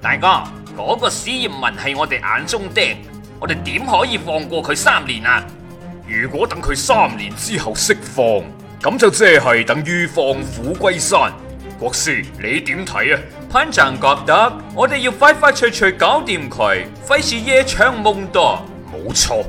大哥，嗰、那個史艷文係我哋眼中釘，我哋點可以放過佢三年啊？如果等佢三年之後釋放，咁就即係等於放虎歸山。國師，你點睇啊？潘震覺得我哋要快快脆脆搞掂佢，費事夜長夢多。冇錯，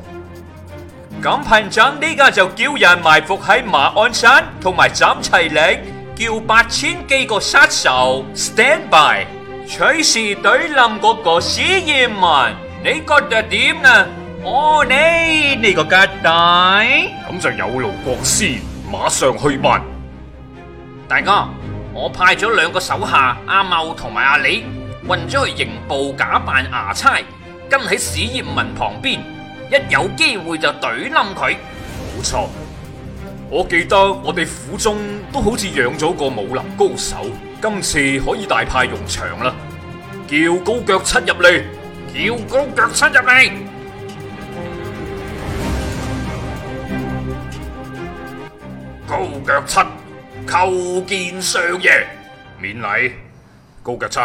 咁潘震呢家就叫人埋伏喺馬鞍山同埋斬齊嶺，叫八千幾個殺手 stand by。隨時懟冧嗰個史艷文，你覺得點啊？哦，你呢個吉大，咁就有勞國師，馬上去辦。大哥，我派咗兩個手下阿茂同埋阿李，混咗去刑部假扮衙差，跟喺史艷文旁邊，一有機會就懟冧佢。冇錯，我記得我哋府中都好似養咗個武林高手。今次可以大派用場啦！叫高腳七入嚟，叫高腳七入嚟。高腳七叩見上爺。免禮。高腳七，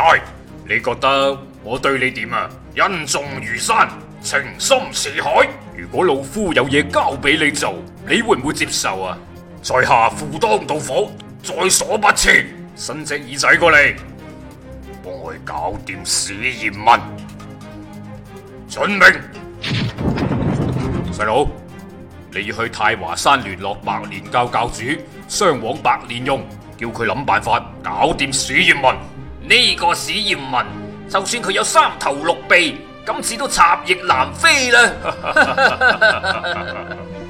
係你覺得我對你點啊？恩重如山，情深似海。如果老夫有嘢交俾你做，你會唔會接受啊？在下赴湯蹈火，在所不辭。伸隻耳仔過嚟，幫我搞掂史艷文。遵命。細佬，你要去太華山聯絡白蓮教教主雙王白蓮雍，叫佢諗辦法搞掂史艷文。呢個史艷文，就算佢有三頭六臂，今次都插翼難飛啦。